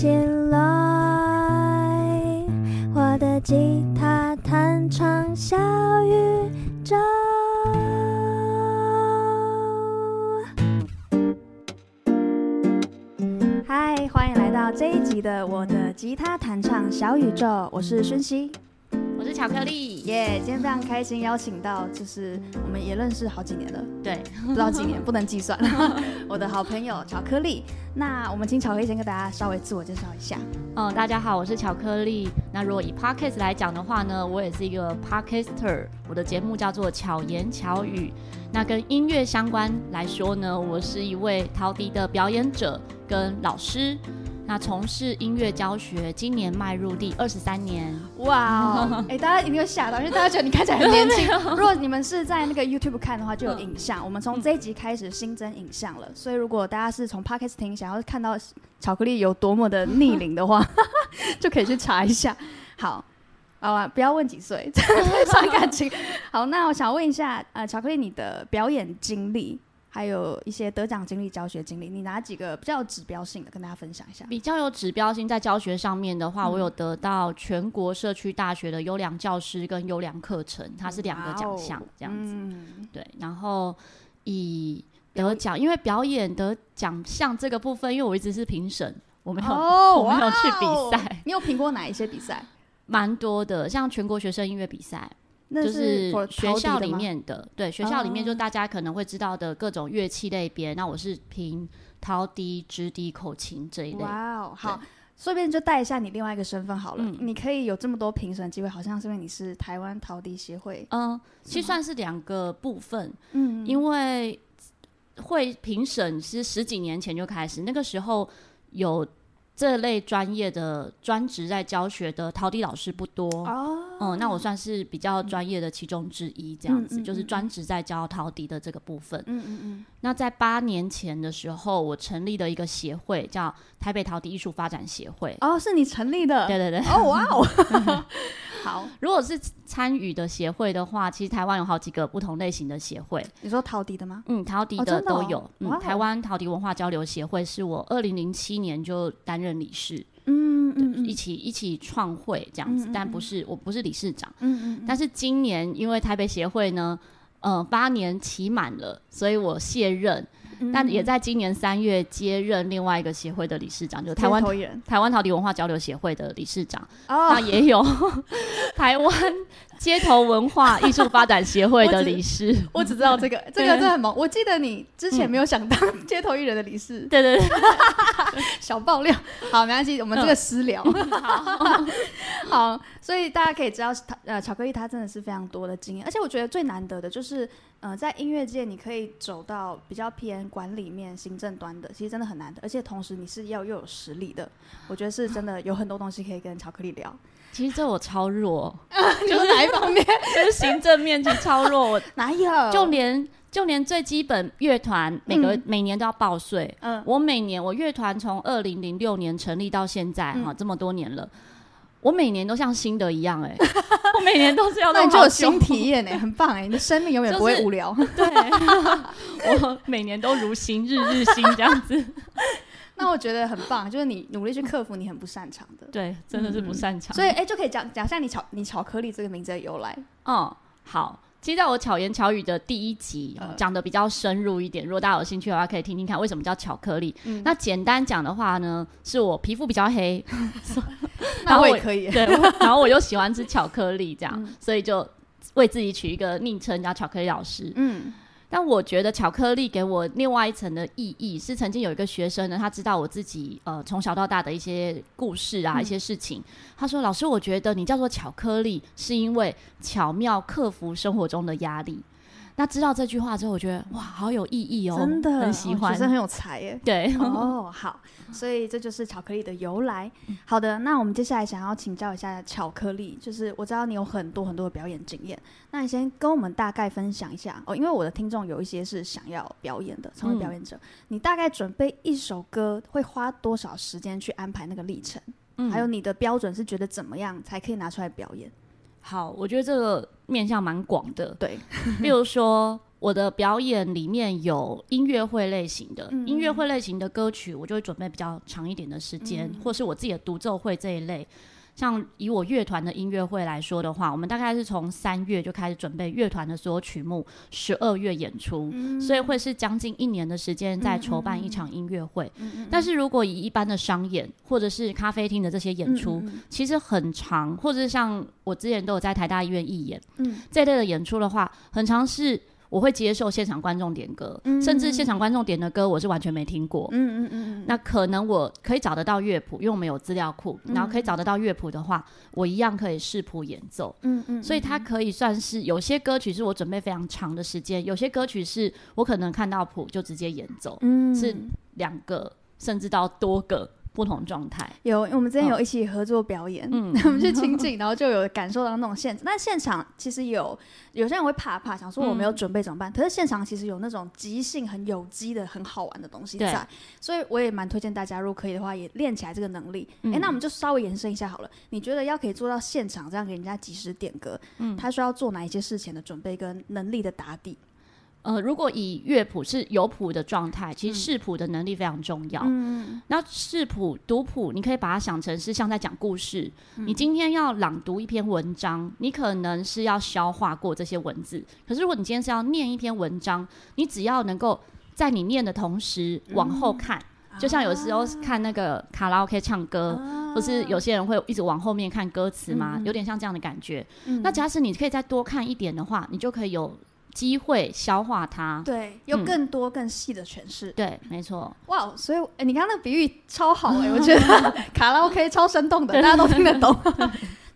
起來，我的吉他彈唱小宇宙。嗨，歡迎來到這一集的《我的吉他彈唱小宇宙》，我是薰希。巧克力耶！Yeah, 今天非常開心，邀請到就是我們也認識好幾年了， 對，不知道幾年，不能計算。 我的好朋友巧克力，那我們請巧克力先跟大家稍微自我介紹一下。嗯，大家好，我是巧克力。那如果以 Podcast 來講的話呢，我也是一個 Podcaster，我的節目叫做《巧言巧語》。那跟音樂相關來說呢，我是一位陶笛的表演者跟老師。那、啊、從事音樂教學，今年邁入第二十三年。哇哦！哎，大家有沒有嚇到？因為大家覺得你看起來很年輕。 如果你們是在那個 YouTube 看的話，就有影像。 我們從這一集開始新增影像了， 所以如果大家是從 Podcasting 想要看到巧克力有多麼的逆齡的話， 就可以去查一下。好啊，不要問幾歲，傷感情。好，那我想問一下，呃，巧克力，你的表演經歷？還有一些得獎經歷、教學經歷，你拿幾個比較有指標性的跟大家分享一下。比較有指標性在教學上面的話，嗯、我有得到全國社區大學的優良教師跟優良課程，它是兩個獎項這樣子。對，然後以得獎，因為表演得獎項這個部分，因為我一直是評審，我沒有、oh, 我沒有去比賽、wow。你有評過哪一些比賽？蠻 多的，像全國學生音樂比賽。那是就是學校裡面的，對學校裡面就大家可能會知道的各種樂器類別。Oh. 那我是評陶笛、直笛、口琴這一類。哇哦，好，順對便就帶一下你另外一個身份好了。嗯、你可以有這麼多評審機會，好像是因為你是台灣陶笛協會。嗯，其實算是兩個部分。嗯麼，因為會評審是十幾年前就開始，那個時候有這類專業的專職在教學的陶笛老師不多哦。Oh. 嗯，那我算是比較專業的其中之一，這樣子就是專職在教陶笛的這個部分。嗯嗯嗯。那在八年前的時候，我成立的一個協會叫台北陶笛藝術發展協會。哦，是你成立的？對對對。哦，哇哦。好，如果是參與的協會的話，其實台灣有好幾個不同類型的協會。你說陶笛的嗎？嗯，陶笛的都有。嗯，台灣陶笛文化交流協會是我二零零七年就擔任理事。嗯。對，一起一起創會這樣子，嗯嗯嗯，但不是我不是理事長，嗯嗯，嗯嗯，但是今年因為台北協會呢，呃，八年期滿了，所以我卸任，嗯嗯，但也在今年三月接任另外一個協會的理事長，嗯嗯，就台灣台灣陶笛文化交流協會的理事長，哦，那也有 台灣 灣。 街頭文化藝術發展協會的理事 我，我只知道這個， 對 這個真的很忙。我記得你之前沒有想當街頭藝人的理事，對對對， 對對 小爆料。好，沒關係，我們這個私聊。好， 好，所以大家可以知道，呃，巧克力它真的是非常多的經驗，而且我覺得最難得的就是，呃，在音樂界你可以走到比較偏管理面、行政端的，其實真的很難得。而且同時你是要又有實力的，我覺得是真的有很多東西可以跟巧克力聊。其實這我超弱，就是哪一方面？就是行政面積超弱，我哪有？就連就連最基本樂團，每個每年都要報稅。嗯，我每年我樂團從二零零六年成立到現在哈，這麼多年了，我每年都像新的一樣哎，我每年都是要，那你就有新體驗哎，很棒哎，你的生命永遠不會無聊。對，我每年都如新，日日新這樣子。 那我覺得很棒，就是你努力去克服你很不擅長的。對，真的是不擅長。嗯、所以，誒、欸，就可以講講一下你巧你巧克力這個名字的由來。嗯，好，其實在我巧言巧語的第一集講的、嗯、比較深入一點，如果大家有興趣的話，可以聽聽看為什麼叫巧克力。嗯、那簡單講的話呢，是我皮膚比較黑， 然後我那我也可以對，然後我又喜歡吃巧克力，這樣，嗯、所以就為自己取一個昵稱叫巧克力老師。嗯。但我覺得巧克力給我另外一層的意義是，曾經有一個學生呢，他知道我自己呃從小到大的一些故事啊，嗯、一些事情。他說：“老師，我覺得你叫做巧克力，是因為巧妙克服生活中的壓力。”那知道這句話之後，我覺得哇，好有意義哦，喔，真的很喜歡，學生很有才耶，欸。對，哦，好，所以這就是巧克力的由來。 好的，那我們接下來想要請教一下巧克力，就是我知道你有很多很多的表演經驗，那你先跟我們大概分享一下哦，oh, 因為我的聽眾有一些是想要表演的，成為表演者，嗯、你大概準備一首歌會花多少時間去安排那個歷程？嗯，還有你的標準是覺得怎麼樣才可以拿出來表演？好，我覺得這個。面向蠻廣的，對， 比如說我的表演裡面有音樂會類型的，嗯、音樂會類型的歌曲，我就會準備比較長一點的時間，嗯、或是我自己的獨奏會這一類。像以我樂團的音樂會來說的話，我們大概是從三月就開始準備樂團的所有曲目，十二月演出，嗯、所以會是將近一年的時間在籌辦一場音樂會。嗯嗯，但是，如果以一般的商演或者是咖啡廳的這些演出，嗯嗯其實很長，或者是像我之前都有在台大醫院義演，嗯、這類的演出的話，很常是。我會接受現場觀眾點歌，嗯嗯甚至現場觀眾點的歌，我是完全沒聽過。嗯嗯嗯，那可能我可以找得到樂譜，因為我們有資料庫，嗯嗯然後可以找得到樂譜的話，我一樣可以視譜演奏。嗯嗯，嗯嗯，所以它可以算是有些歌曲是我準備非常長的時間，有些歌曲是我可能看到譜就直接演奏，嗯嗯是兩個，甚至到多個。不同狀態有，因為我們之前有一起合作表演，哦、嗯， 我們去情景，然後就有感受到那種現場。嗯、但現場其實有有些人會怕怕，想說我沒有準備怎麼辦？嗯、可是現場其實有那種即興、很有機的、很好玩的東西在，對所以我也蠻推薦大家，如果可以的話，也練起來這個能力。誒、嗯欸，那我們就稍微延伸一下好了，你覺得要可以做到現場這樣給人家即時點歌，嗯、他說要做哪一些事情的準備跟能力的打底？呃，如果以樂譜是有譜的狀態，其實視譜的能力非常重要。嗯，那視譜讀譜，你可以把它想成是像在講故事。嗯、你今天要朗讀一篇文章，你可能是要消化過這些文字。可是如果你今天是要念一篇文章，你只要能夠在你念的同時往後看，嗯、就像有時候看那個卡拉 OK 唱歌，不、啊、是有些人會一直往後面看歌詞嗎？嗯、有點像這樣的感覺。嗯、那假使你可以再多看一點的話，你就可以有。.機會消化它，對，有更多更細的詮釋、嗯，對，沒錯。哇，wow，所以，哎、欸，你剛剛那比喻超好哎、欸， 我覺得卡拉 OK 超生動的， 大家都聽得懂。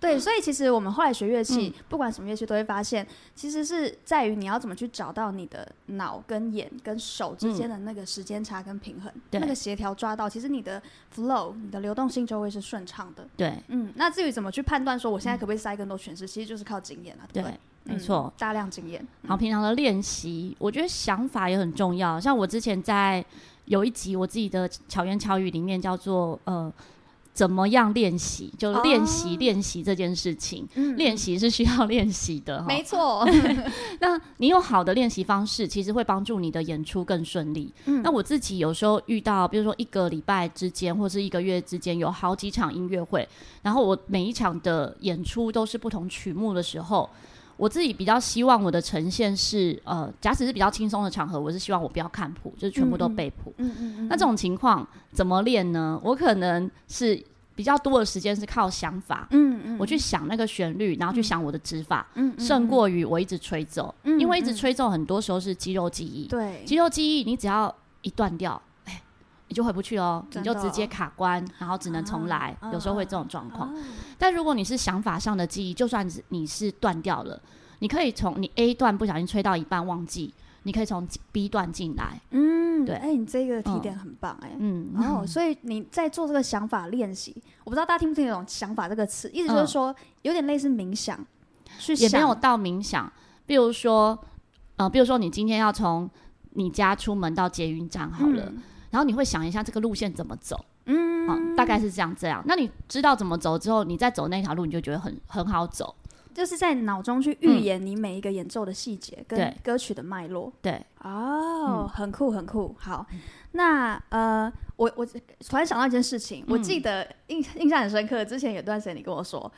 對，所以其實我們後來學樂器，嗯、不管什麼樂器，都會發現，其實是在於你要怎麼去找到你的腦跟眼跟手之間的那個時間差跟平衡，嗯、那個協調抓到，其實你的 flow，你的流動性就會是順暢的。對，嗯，那至於怎麼去判斷說我現在可不可以塞更多詮釋，嗯、其實就是靠經驗了、啊。對，對。對。沒錯，嗯、大量經驗。好，平常的練習，嗯、我覺得想法也很重要。像我之前在有一集我自己的巧言巧語裡面，叫做“呃，怎麼樣練習？就練習練習這件事情，哦、練習是需要練習的。嗯”哦、沒錯。 那你有好的練習方式，其實會幫助你的演出更順利。嗯。那我自己有時候遇到，比如說一個禮拜之間，或者是一個月之間，有好幾場音樂會，然後我每一場的演出都是不同曲目的時候。我自己比較希望我的呈現是，呃，假使是比較輕鬆的場合，我是希望我不要看譜，就是全部都背譜。嗯嗯嗯嗯。那這種情況怎麼練呢？我可能是比較多的時間是靠想法，嗯嗯，嗯我去想那個旋律，然後去想我的指法，嗯，勝過於我一直吹奏，嗯嗯，因為一直吹奏很多時候是肌肉記憶，對，肌肉記憶你只要一斷掉。你就回不去哦，哦你就直接卡關，然後只能重來。啊、有時候會這種狀況。啊啊、但如果你是想法上的記憶，就算你是斷掉了，你可以從你 A 段不小心吹到一半忘記，你可以從 B 段進來。嗯，對。哎、欸，你這個提點很棒、欸，哎，嗯。然後，嗯、所以你在做這個想法練習，我不知道大家聽不聽得懂“想法”這個詞，意思就是說、嗯、有點類似冥想，想也沒有到冥想。比如說，呃，比如說你今天要從你家出門到捷運站，好了。嗯然後你會想一下這個路線怎麼走，嗯、啊，大概是這樣這樣。那你知道怎麼走之後，你再走那條路，你就覺得很很好走，就是在腦中去預演你每一個演奏的細節、嗯、跟歌曲的脈絡，對，對哦，嗯、很酷很酷。好，嗯、那呃，我我，我突然想到一件事情，嗯、我記得印印象很深刻，之前有段時間你跟我說。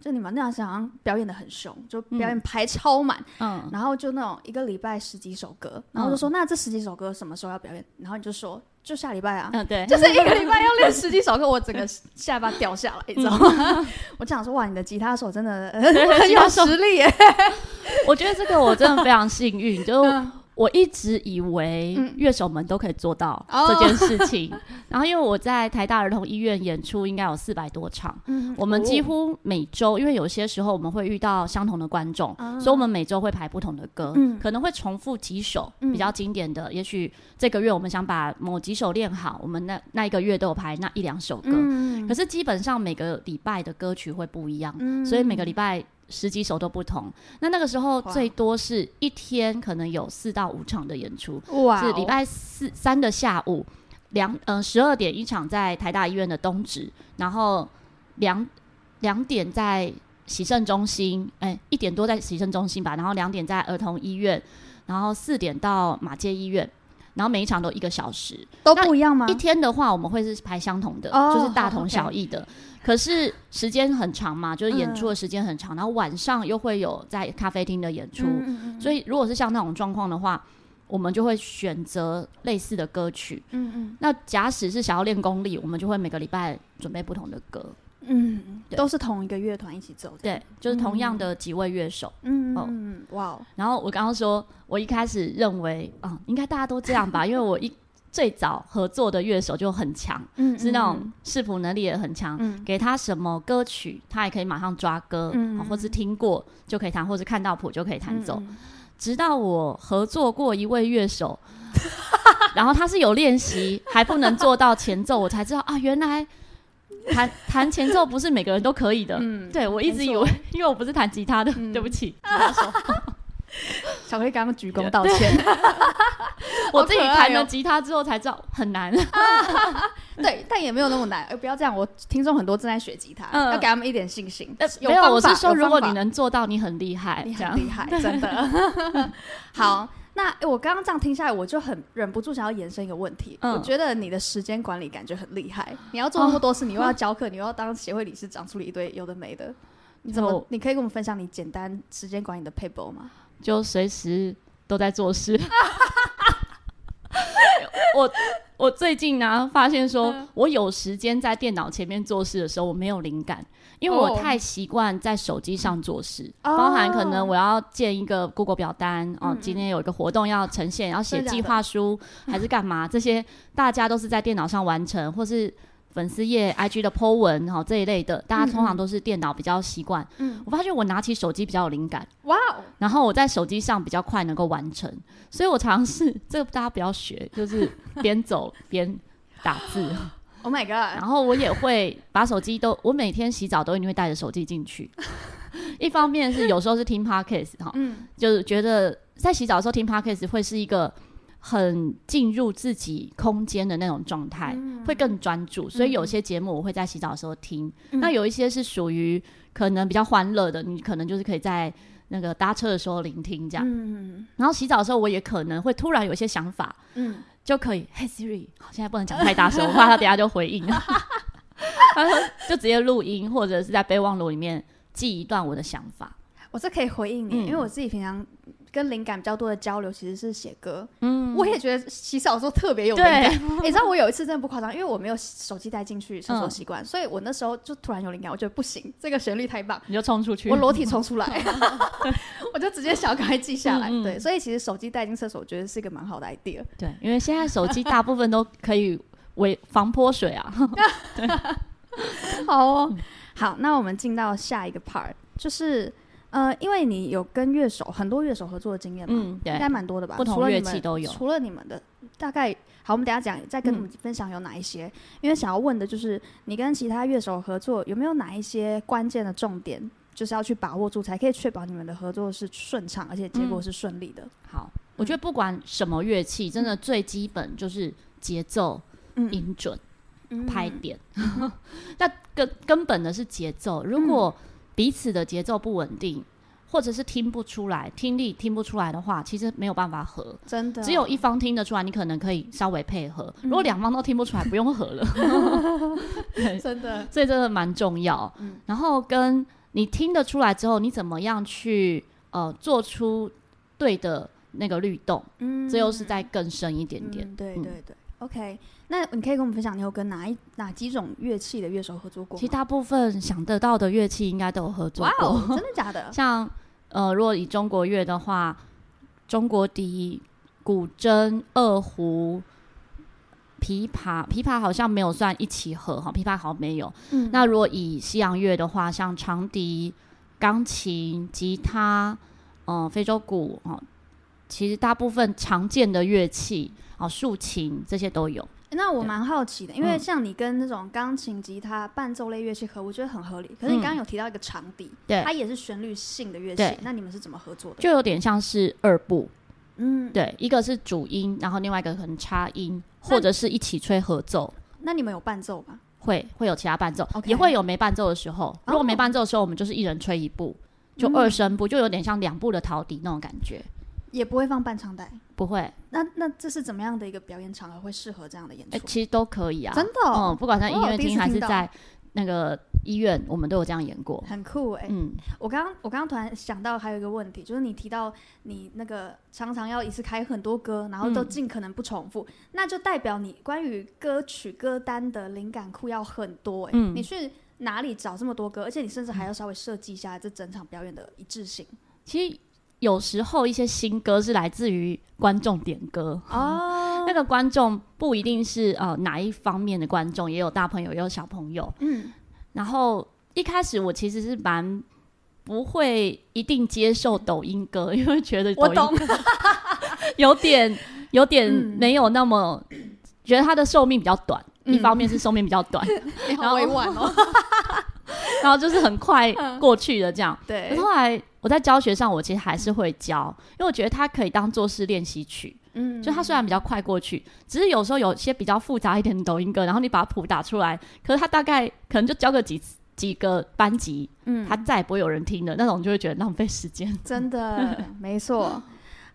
就你們那樣想表演的很兇，就表演排超滿，然後就那種一個禮拜十幾首歌，然後就說那這十幾首歌什麼時候要表演？然後你就說就下禮拜啊，對，就是一個禮拜要練十幾首歌，我整個下巴掉下來，你知道嗎？我想說哇，你的吉他手真的很有實力耶，我覺得這個我真的非常幸運，就。我一直以為樂手們都可以做到、嗯、這件事情、oh。 然後，因為我在台大兒童醫院演出應該有四百多場、嗯，我們幾乎每周，哦、因為有些時候我們會遇到相同的觀眾，哦、所以我們每周會排不同的歌，嗯、可能會重複幾首比較經典的。嗯、也許這個月我們想把某幾首練好，我們那那一個月都有排那一兩首歌。嗯、可是基本上每個禮拜的歌曲會不一樣，嗯、所以每個禮拜。十幾首都不同。那那個時候最多是一天可能有四到五場的演出，Wow 是禮拜四三的下午兩嗯十二點一場在台大醫院的東直，然後兩兩點在洗腎中心，哎、欸、一點多在洗腎中心吧，然後兩點在兒童醫院，然後四點到馬偕醫院。然後每一場都一個小時，都不一樣嗎？一天的話，我們會是排相同的，oh, 就是大同小異的。okay. 可是時間很長嘛，就是演出的時間很長。嗯、然後晚上又會有在咖啡廳的演出，嗯嗯嗯，所以如果是像那種狀況的話，我們就會選擇類似的歌曲。嗯嗯，那假使是想要練功力，我們就會每個禮拜準備不同的歌。嗯，都是同一個樂團一起走。對，就是同樣的幾位樂手。嗯嗯嗯，哇！然後我剛剛說，我一開始認為啊，應該大家都這樣吧，因為我一最早合作的樂手就很強，嗯，是那種視譜能力也很強，嗯，給他什麼歌曲，他也可以馬上抓歌，嗯，或是聽過就可以彈，或是看到譜就可以彈奏。直到我合作過一位樂手，然後他是有練習，還不能做到前奏，我才知道啊，原來。彈彈前奏不是每個人都可以的，對，我一直以為，因為我不是彈吉他的，對不起。小黑給他們鞠躬道歉，我自己彈了吉他之後才知道很難，對，但也沒有那麼難。不要這樣，我聽眾很多正在學吉他，要給他們一點信心。沒有，我是說，如果你能做到，你很厲害，你很厲害，真的。好。那誒我剛剛這樣聽下來，我就很忍不住想要延伸一個問題。嗯、我覺得你的時間管理感覺很厲害。你要做那麼多事，哦、你又要教課，嗯、你又要當協會理事長，處理了一堆有的沒的。你怎麼？有你可以跟我們分享你簡單時間管理的配方嗎？就隨時都在做事。 我我最近呢、啊，發現說，嗯、我有時間在電腦前面做事的時候，我沒有靈感。因為我太習慣在手機上做事，oh。包含可能我要建一個 Google 表單，oh。哦，嗯、今天有一個活動要呈現，嗯、要寫計劃書還是幹嘛？這些大家都是在電腦上完成， 或是粉絲頁 IG 的 Po 文哈、哦、這一類的，大家通常都是電腦比較習慣。嗯，我發覺我拿起手機比較有靈感，哇哦 Wow！然後我在手機上比較快能夠完成，所以我嘗試這個，大家不要學，就是邊走邊打字。 Oh my god！然後我也會把手機都， 我每天洗澡都一定會帶着手機進去。 一方面是有時候是聽 Podcast 哈， 就是覺得在洗澡的時候聽 Podcast 會是一個很進入自己空間的那種狀態，嗯、會更專注。所以有些節目我會在洗澡的時候聽。嗯、那有一些是屬於可能比較歡樂的，你可能就是可以在那個搭車的時候聆聽這樣。嗯、然後洗澡的時候我也可能會突然有一些想法。嗯就可以，嘿、hey，Siri，好，現在不能講太大聲， 我怕他等下就回應了。 他說，就直接錄音，或者是在備忘錄裡面記一段我的想法。我是可以回應你，嗯、因為我自己平常。跟靈感比較多的交流其實是寫歌，嗯，我也覺得洗澡的時候特別有靈感。你對、欸、知道我有一次真的不誇張，因為我沒有手機帶進去廁所習慣，嗯、所以我那時候就突然有靈感，我覺得不行，這個旋律太棒，你就衝出去，我裸體衝出來， 我就直接小可愛記下來。嗯嗯，對，所以其實手機帶進廁所我覺得是一個蠻好的 idea。對，因為現在手機大部分都可以為防潑水啊。好哦，好，那我們進到下一個 part，就是。呃，因為你有跟樂手很多樂手合作的經驗嘛，嗯，應該蠻多的吧？不同樂器都有，除了你們的，大概好，我們等下講，再跟你們分享有哪一些。因為想要問的就是你跟其他樂手合作，有沒有哪一些關鍵的重點，就是要去把握住，才可以確保你們的合作是順暢，而且結果是順利的。好，我覺得不管什麼樂器，真的最基本就是節奏、音準、拍點。那根根本的是節奏，如果彼此的節奏不穩定，或者是聽不出來，聽力聽不出來的話，其實沒有辦法合，真的，只有一方聽得出來，你可能可以稍微配合。嗯、如果兩方都聽不出來，嗯、不用合了， 對真的，所以真的蠻重要。嗯、然後跟你聽得出來之後，你怎麼樣去呃做出對的那個律動？嗯，這又是再更深一點點，對對對。OK，那你可以跟我們分享，你有跟哪一哪幾種樂器的樂手合作過？其實大部分想得到的樂器應該都有合作過。哇哦，真的假的？像呃，如果以中國樂的話，中國笛、古箏、二胡、琵琶，琵琶好像沒有算一起合哈，琵琶好像沒有。嗯。那如果以西洋樂的話，像長笛、鋼琴、吉他、嗯、呃，非洲鼓其實大部分常見的樂器，啊，豎琴這些都有。那我蠻好奇的，因為像你跟那種鋼琴、吉他伴奏類樂器合，我覺得很合理。可是你剛剛有提到一個長笛，對，它也是旋律性的樂器。那你們是怎麼合作的？就有點像是二部，嗯，對，一個是主音，然後另外一個可能插音，或者是一起吹合奏。那你們有伴奏嗎？會，會有其他伴奏，也會有沒伴奏的時候。如果沒伴奏的時候，我們就是一人吹一部，就二聲部，就有點像兩部的陶笛那種感覺。也不會放半場帶，不會。那那這是怎麼樣的一個表演場合會適合這樣的演出？欸，其實都可以啊，真的哦。哦、嗯。不管在音樂廳、哦、還是在那個醫院，我們都有這樣演過，很酷哎、欸。嗯，我剛剛我剛剛突然想到還有一個問題，就是你提到你那個常常要一次開很多歌，然後都盡可能不重複，嗯、那就代表你關於歌曲歌單的靈感庫要很多哎、欸。嗯、你去哪裡找這麼多歌？而且你甚至還要稍微設計一下這整場表演的一致性。嗯、其實。有時候一些新歌是來自於觀眾點歌哦、嗯，那個觀眾不一定是呃哪一方面的觀眾，也有大朋友也有小朋友，嗯，然後一開始我其實是蠻不會一定接受抖音歌，因為覺得抖音我懂 有點有點沒有那麼、嗯、覺得它的壽命比較短，嗯、一方面是壽命比較短，嗯、然後也好委婉、哦、 然後就是很快過去的這樣，嗯、對，後來。我在教學上，我其實還是會教，嗯、因為我覺得它可以當做是練習曲。嗯，就它雖然比較快過去，只是有時候有些比較複雜一點的抖音歌，然後你把譜打出來，可是它大概可能就教個幾幾個班級，嗯，它再也不會有人聽了，那種就會覺得浪費時間。真的， 沒錯。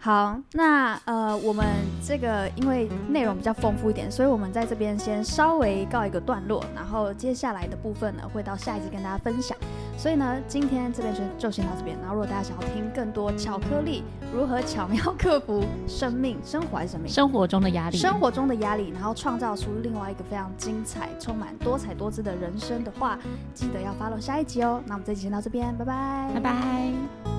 好，那呃，我們這個因為內容比較豐富一點，所以我們在這邊先稍微告一個段落，然後接下來的部分呢會到下一集跟大家分享。所以呢，今天這邊就就先到這邊。然後如果大家想要聽更多巧克力如何巧妙克服生命、生活還是什麼？生活中的壓力，生活中的壓力，然後創造出另外一個非常精彩、充滿多彩多姿的人生的話，記得要 follow 下一集哦。那我們這期先到這邊，拜拜，拜拜。